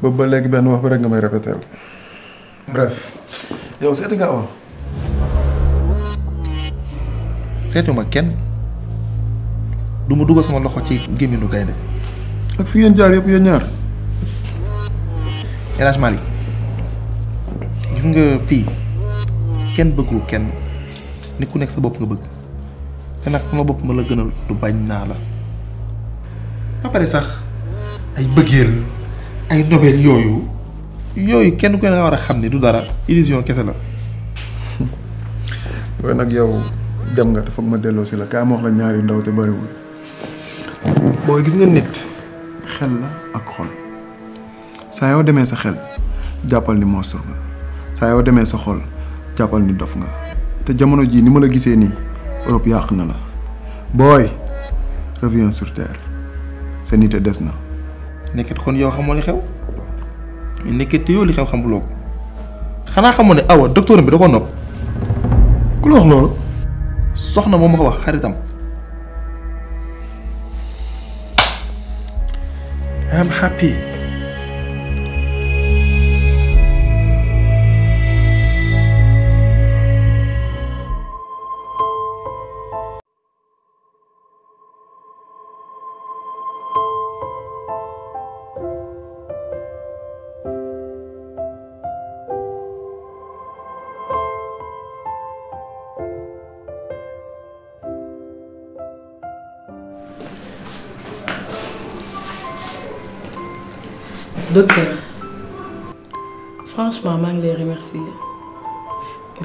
boobu ba léegi benn wax bi rek nga may répéter bref yow sét nga oh. awa seetuma kenn du ma dugal sama loxo ci gémminu gaynde ak fi ngeen jaar yëpp yeen ñaar Elhadj Mali. gis nga fi. Ken bëggul ken. ni ku nekk sa bopp nga bëgg Té nak sama bopp ma la gënal du bañ na la ba paré sax ay bëggeel ay nobel yooyu yooyu kenn ku ne war a xam ne du dara illusion kese la. waaye nag yow dem nga dafa ma delloo si la kaa ma wax la ñaari ndaw te bëriwul. booy gis nga nit xel la ak xol saa yoo demee sa xel jàppal ni monstre nga saa yoo demee sa xol jàppal ni dof nga te jamono ji ni ma la gisee nii Europe yàq na la booy reviens sur terre sa nite des na. nekket kon yow xamoo li xew nekket yow li xew xamuloo ko xanaa xamoo ne awa docteur bi da ko nopp ku la wax loolu soxna moom ma wax xaritam I'm happy docteur franchement Je les remercie..!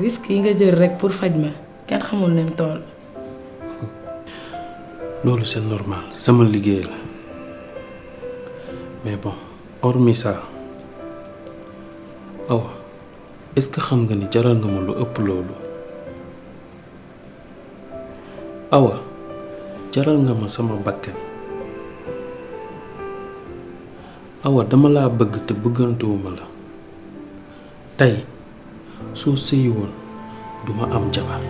risque que pour faj ma ne xamul pas c'est normal C'est mon travail..! mais bon hormis ça est-ce que tu nga que tu nga ma lu awa jaral awa dama la bëgg te bëggantuwuma la tey soo sëyi woon duma am jabar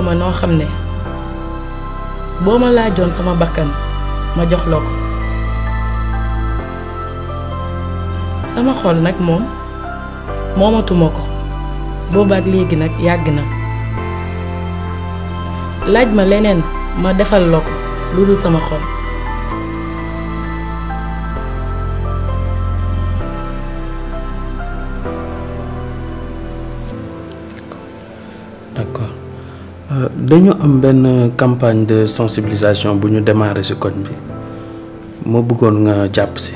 nga noo xam ne boo ma laajoon sama bakkan ma jox la ko sama xol nag moom moomatuma ko boobaak léegi nag yàgg na laaj ma leneen ma defal la ko lu dul sama xol dañu am une campagne de sensibilisation pour démarrer démarré ci Je bi en bëggoon nga jàpp ci.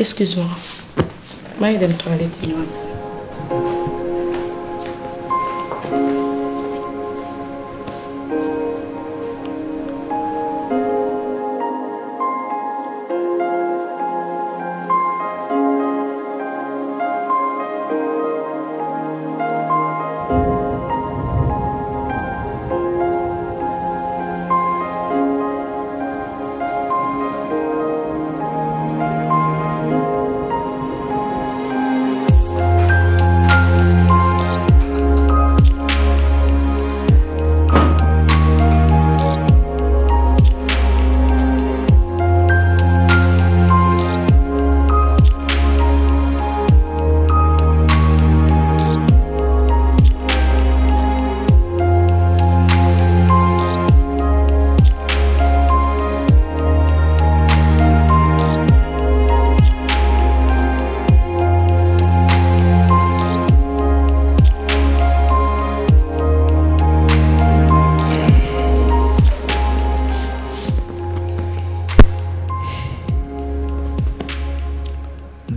excuse-moi maa ngi dem toilette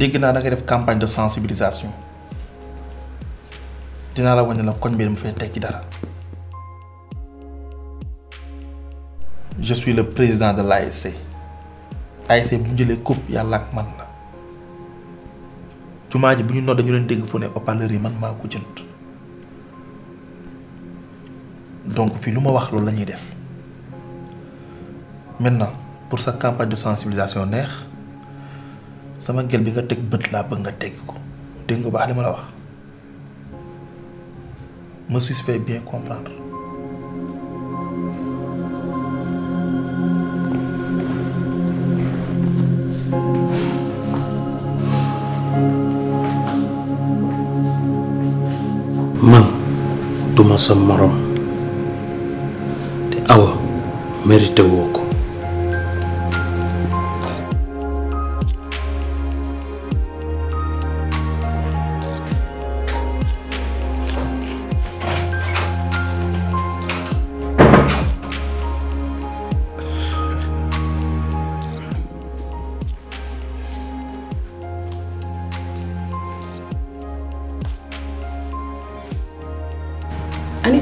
dégg naa da ngay def campagne de sensibilisation dinaa la wane la koñ bi dama fay teg dara je suis le président de l'ASC ASC bu ñu jëlee coupe yàlla ak man la jumaa ji bu ñu nodd dañu leen dégg fu ne haut yi man maa ko donc fii lu ma wax loolu la ñuy def maintenant pour sa campagne de sensibilisation neex sama gel bi nga teg bët laa bëgg nga teg ko dégg nga baax li ma la wax ma suis fait bien comprendre. man duma sa morom te awa mérité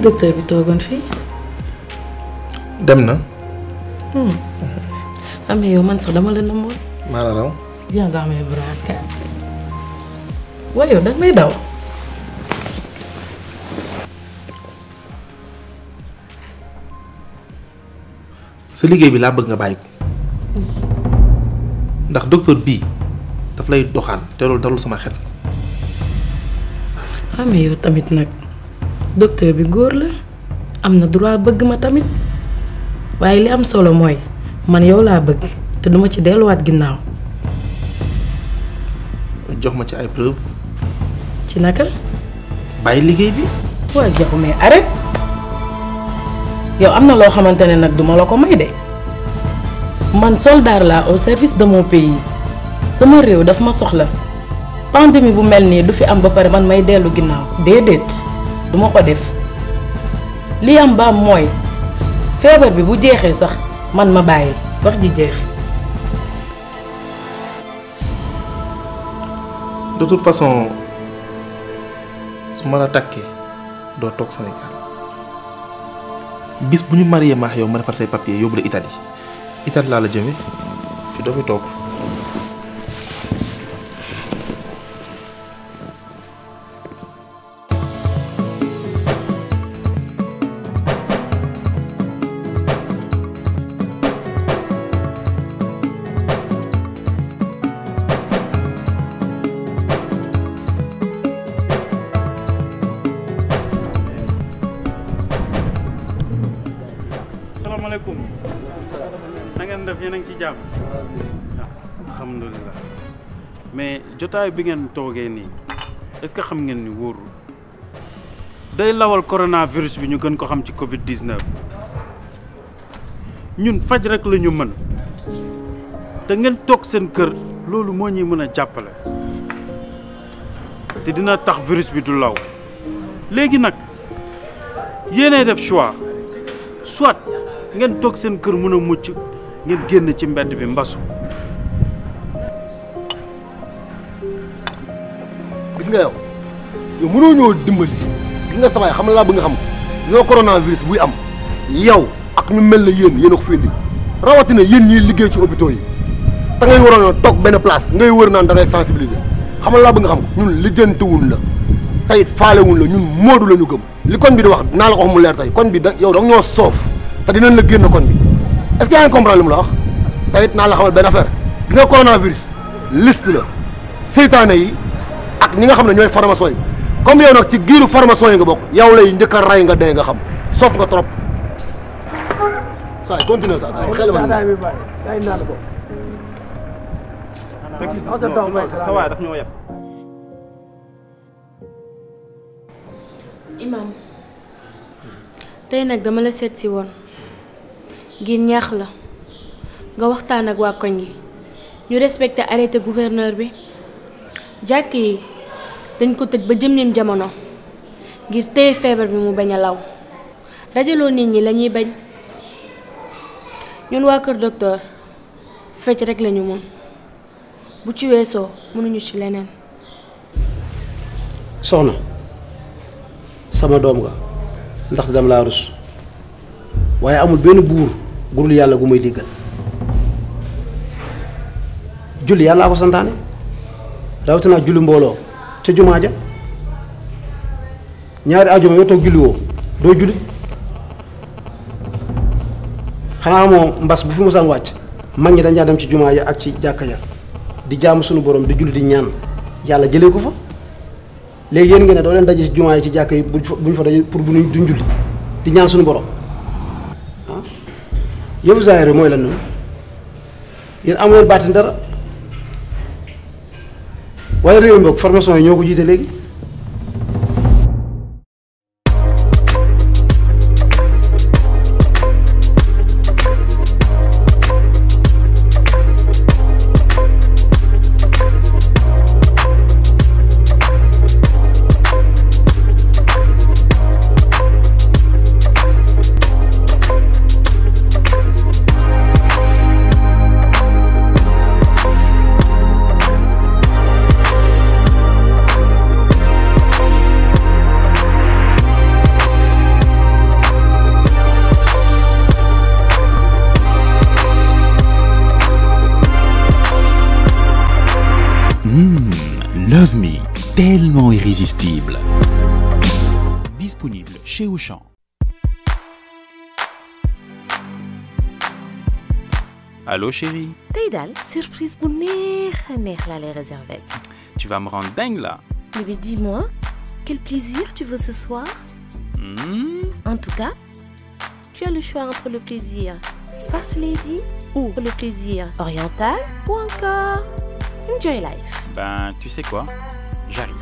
docteur bi toogoon fii. dem na. Hmm. am yow man sax dama la namoon. maa la raw. daw. sa liggéey bi laa bëgg nga bàyyi ko. ndax docteur bii daf lay doxaan te loolu dalul sama xel. xam yow tamit nag. docteur bi góor la am na droit bëgg ma tamit waaye li am solo mooy man yow laa bëgg te duma ci delluwaat ginnaaw. jox ma ci ay ci naka. bàyyi liggéey bi. waa jox mais arrête yow am na loo xamante ne nag duma la ko may de man soldat laa au service de mon pays sama réew dafa ma soxla pandémie bu mel nii du fi am ba pare man may dellu ginnaaw déedéet. duma ko def li am ba mooy feebar bi bu jeexee sax man ma bàyyi wax ji jeex. de toute façon su ma la takkee doo toog Sénégal bis bu ñu marié maax yow ma defar say papiers yóbbu la Italie Italie laa la jëme fi doo fi toog. asalaamaaleykum na ngeen def yéen a ngi ci jàmm alhamdulilah mais jotaay bi ngeen toogee nii est-ce que xam ngeen ni wóorul day lawal coronavirus bi ñu gën ko xam ci Covid 19 ñun faj rek la ñu mën te ngeen toog seen kër loolu moo ñuy mën a jàppale te dina tax virus bi du law léegi nag yéenay def choix soit. ngeen toog seen kër mën a mucc ngeen génn ci mbedd bi mbasu gis nga yow yow mënoo ñoo dimbali gis nga sama xam laa bëgg nga xam ñoo coronavirus buy am yow ak ñu mel na yéen yéen a ko fi rawatina yéen ñuy liggéey ci hôpitaux yi te ngay waroon a toog benn place ngay wër naan da ngay sensibiliser xam laa bëgg nga xam ñun lijjantiwul la tey it faalewul la ñun moodu la ñu gëm li koñ bi di wax naa la ko wax mu leer tey koñ bi da yow da nga ñoo soof te dinañ la génn kon bi est-ce que yaa ngi comprendre mu la wax naa la xamal benn affaire gis nga coronavirus liste la seytaane yi ak ñi nga xam ne ñooy formation yi comme yow nag ci giiru formation yi nga bokk yow lay njëkk a rey nga dee nga xam soof nga trop saay sa sa ah, ah, daf ñoo yeb imam tey nag dama la seet si woon ngir ñaax la nga waxtaan ak waa koñ yi ñu respecté arrêté gouverneur bi jàkk yi dañ ko tëj ba jëmnim jamono ngir téye feebar bi mu bañ a law dajaloo nit ñi lañuy bañ ñun waa kër docteur fecc rek lañu mën bu ci weesoo mënuñu ci leneen soxna sama doom nga ndax dam laa rus waaye amul benn buur gudul yàlla gu may déggal julli yàllaa ko santaane rawatina julli mbooloo ca jumaa ja ñaari ajuma yoo toog julli woo doo julli xanaa moom mbas bu fi mosaan wàcc mag ñi dañ daa dem ci jumaa ja ak ci jàkk ja di jaamu sunu borom di julli di ñaan yàlla jële ko fa léegi yéen ngeen ne doo leen daje ci jumaa yi ci jàkka yi buñ fa buñ fa daje pour bu duñ julli di ñaan suñu borom yëfu zaahir mooy lan noonu yéen amuleen baatin dara wala réew mi boog formation yi ñoo ko jiite léegi tellement irrésistible. Disponible chez Auchan. Allô chérie Taïdal, surprise pour les réservettes. Tu vas me rendre dingue là Mais dis-moi, quel plaisir tu veux ce soir hmm? En tout cas, tu as le choix entre le plaisir soft lady ou le plaisir oriental ou encore enjoy life. Ben, tu sais quoi j'arrive.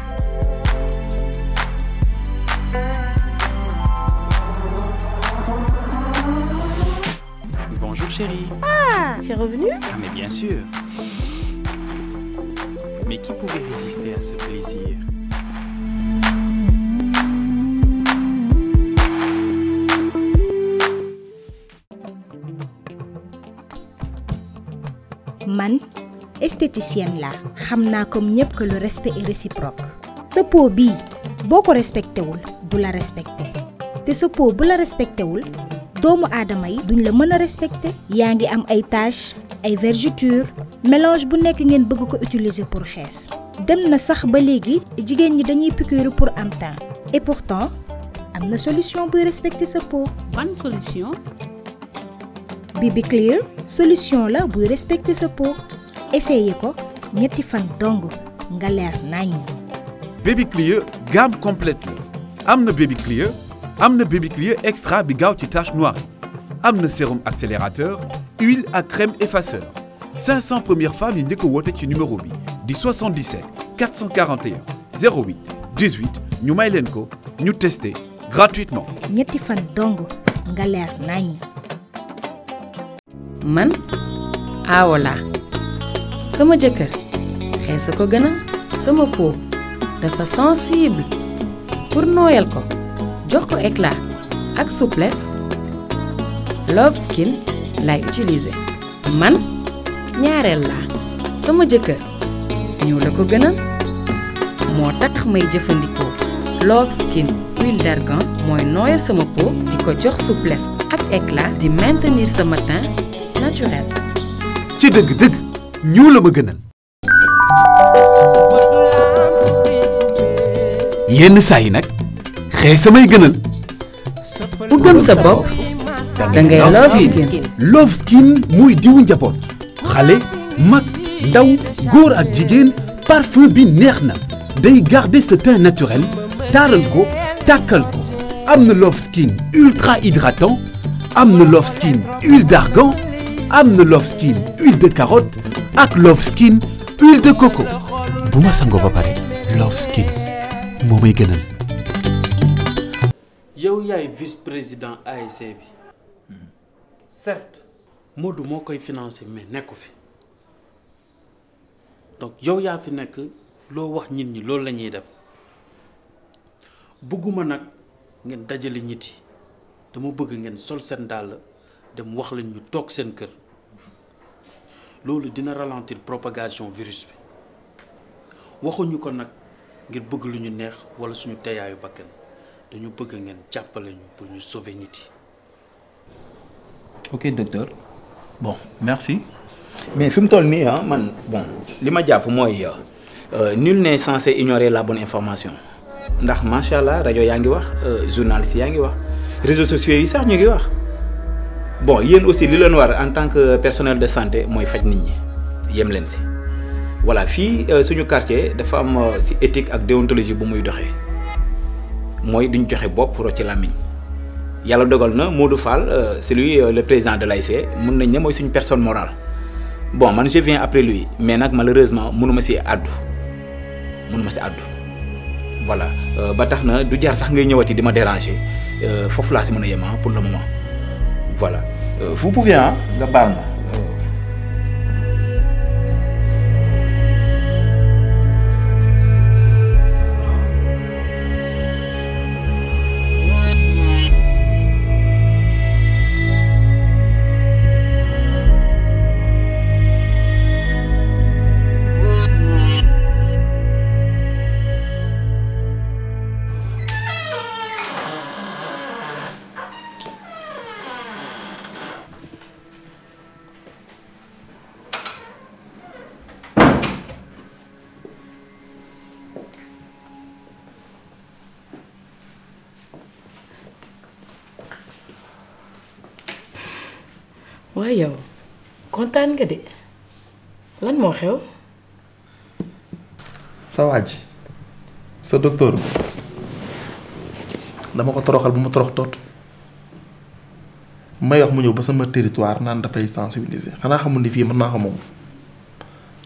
Bonjour chérie. Ah, es revenu Ah mais bien sûr. Mais qui pouvait résister à ce plaisir esthéticienne la xam naa comme ñëpp que le respect est réciproque sa peau bii boo ko respecté wul du la respecté te sa peau bu la respecté wul doomu aadama yi duñ la mën a respecté yaa ngi am ay taches ay vergetures mélange bu nekk ngeen bëgg ko utiliser pour xees dem na sax ba léegi jigéen ñi dañuy piqûre pour am temps et pourtant am na solution buy respecter sa peau. ban solution. bibi Clear solution la buy respecter sa peau essayer ko ñetti fan dong nga nañ Baby clio gamme complète la Baby Baby Clieux extra bi gaaw ci tache noire am sérum accélérateur huile à crème effaceur 500 premières femmes yi njëkk numéro bi di 77 441 08 18 ñu may ko ñu tester gratuitement. ñetti fan dong nga leer nañ man sama jëkkër xees a ko gën a sama peau dafa sensible pour nooyal ko jox ko éclat ak souplesse Love Skin lay utiliser man ñaareel laa sama jëkkër ñëw la ko gën a moo tax may jëfandikoo Love Skin huile mooy nooyal sama peau di ko jox souplesse ak éclat di maintenir sama teint naturel ci dëgg-dëgg ñuul la ma gënal. yenn saa yi nag samay gënal. ku gëm sa bopp da ngay love skin. love skin muy diwu njaboot xale mag ndaw góor ak jigéen parfum bi neex na day garder sa teint naturel taaral ko tàkkal ko am love skin ultra hydratant am love skin huile d'argan am love skin huile de carotte ak Love Skin huile de coco bu ma Love Skin yow vice président de bi certes Modou suis koy financé mais fi donc yow yaa fi nekk lo wax nit ñi loolu la def bëgguma nit yi dama sol seen dàll dem wax lañ cela dina ralentir propagation virus bi dit ko nag ngir bëgg lu ñu neex wala suñu teyaayu bakkan dañu bëgg ngeen nous ñu pour ñu sauver nit yi. ok docteur bon merci. mais fi mu toll nii ah man bon li ma jàpp mooy euh, nul n'est censé ignorer la bonne information ndax macha allah rajo yaa ngi wax euh, journaliste yaa ngi wax réseaux sociaux yi sax ñu ngi wax bon yéen aussi li leen war en tant que personnel de santé moy faj nit ñi yem leen ci voilà fi euh, suñu quartier dafa am ci euh, éthique ak déontologie bu muy doxé moy duñ bop ro ci làmmiñ yalla dogal na Modou Fall euh, c'est lui le président de l'AIC mën nañ ne mooy suñu personne morale bon man je viens après lui mais nak malheureusement mënuma si àddu mënuma ci addu voilà ba tax na du jar sax ngay ñëwati dima ma déranger fofu la ci mëna yema ah, pour le moment voilà. Euh, vous pouvez, hein la waaw yow kontaan nga de lan moo xew. sa waa sa docteur bi dama ko toroxal bu mu torox tot may wax mu ñëw ba sama territoire naan dafay sensibiliser xanaa xamul ni fii mën naa ko moom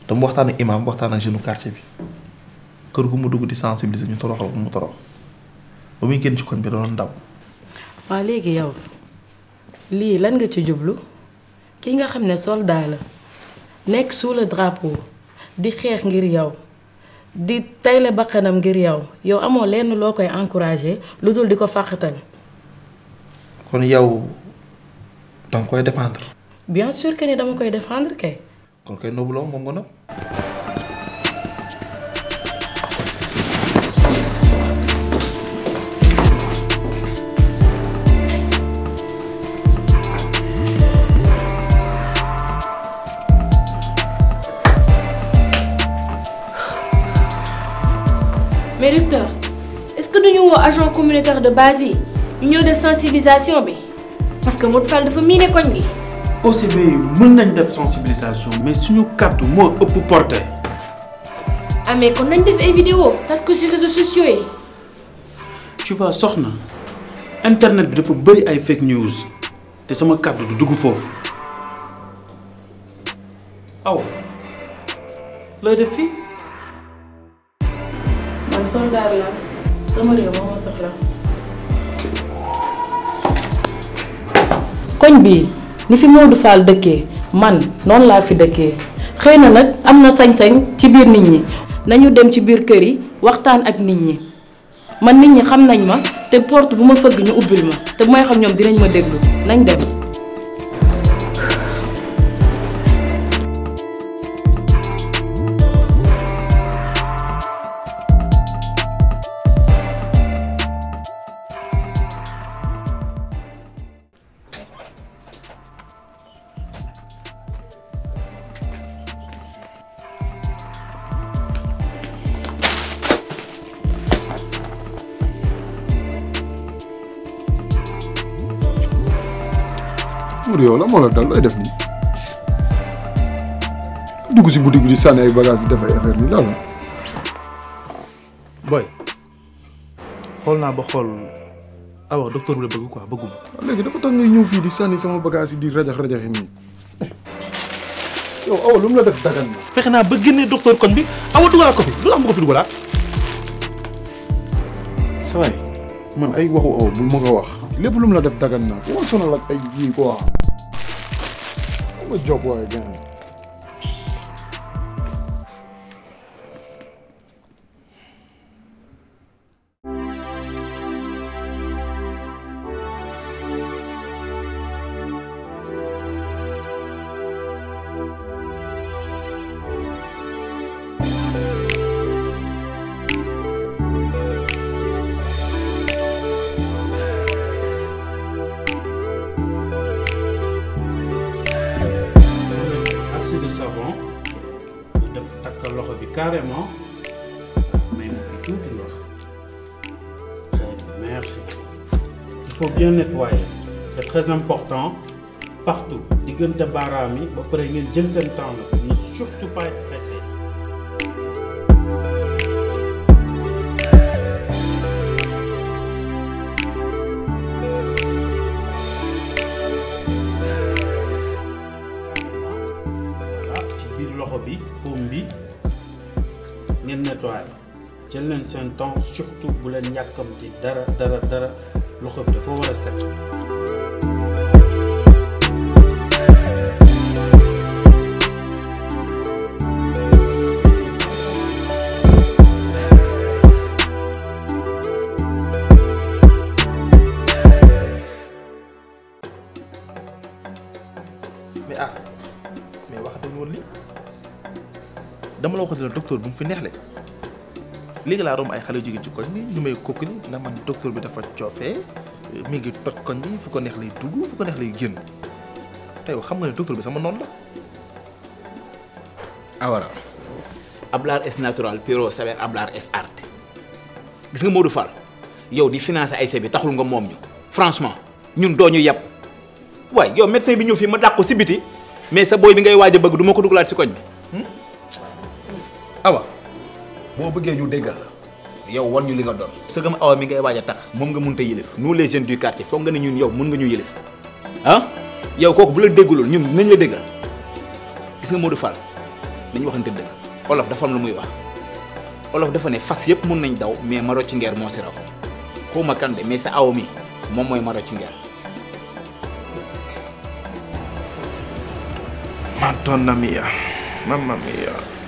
dama waxtaan ak imaam waxtaan ak jeune quartier bi kër gu mu dugg di sensibiliser ñu toroxal bu mu torox ba muy génn ci koñ bi doon ndaw. waaw léegi yow lii lan nga ci jublu. ki nga xam ne soldaar la nekk sous le drapeau di xeex ngir yow di tayle bakkanam ngir yow yow amoo lenn loo koy encouragé lu dul di ko fàqatal. kon yow danga koy défendre. bien sûr que ni dama koy défendre kay. kon kay noobu la moom nga agent communautaire de base yi de sensibilisation parce que Modou de dafa miine koñ gi. OCB yi mën nañ def sensibilisation mais suñu kàddu moo ëpp porter. Ah, mais kon nañ def ay vidéo que sur les réseaux sociaux tu vois soxna internet bi dafa bëri ay fake news Té sama carte du dugg fofu. aw Le défi. défi. man soldat là. sama réew moo koñ bi ni fi Modou Fall dëkkee man noonu laa fi dëkkee xëy na nag am na sañ-sañ ci biir nit ñi nañu dem ci biir kër yi waxtaan ak nit ñi man nit ñi xam nañ ma te porte bu ma fëgg ñu ubbil ma te bu may xam ñoom dinañ ma déglu nañ dem. yow la la dal def si boutique di sànni ay bagages def ay affaire boy xool na ba xool ah waaw docteur bi bëgg quoi bëgguma. léegi dafa tax ngay ñëw di sànni sama bagage di rajax rajaxi nii eh. Yo awa lu la def dagan na. ba génne docteur kon bi awa dugalaat ko fi lu ko fi sa man ay waxu aw bu ma ko wax lepp lu mu la def dagan na boo sonal ak ay yi quoi. with Joe Boy again. Il faut bien nettoyer. C'est très important. Partout. diggante baaraam yi ba vous ngeen jël seen temps ne surtout pas être pressé. voilà ci biir loxo bi pour bi nettoyer jël leen seen temps surtout bu leen yàkkamti dara dara dara lu dafa war set. mais as mais wax li dama la docteur bu mu fi léegi laa romb ay xale jóge ci koñ bi ñu may kooku ni na man docteur bi dafa coofee mi ngi toj koñ bi fu ko neex lay dugg fu ko neex lay génn xam nga ne docteur bi la. awara natural pero saber yow di financer ay bi taxul nga moom ñu franchement ñun doo ñu yab waaye yow médecin bi ñëw fii ma dàq ko si biti mais sa booy bi ngay waaj a bëgg du ma ko dugalaat si koñ bi hmm? Bo beugé ñu déggal yow won ñu li nga doon sëgam awa mi ngay waja tax mom nga ta yëlef nous les jeunes du quartier fo nga ni ñun yow mën nga ñu yëlef ah yow koku bu la déggulul ñun nañ la déggal gis nga Modou Fall dañ waxante dëgg olof dafa am lu muy wax olof dafa né fas yépp mën nañ daw mais maro ci ngër mo ci raw xuma kan dé mais sa aw mi moom maro ci ngeer Madonna mia, ya. mamma ya. mia.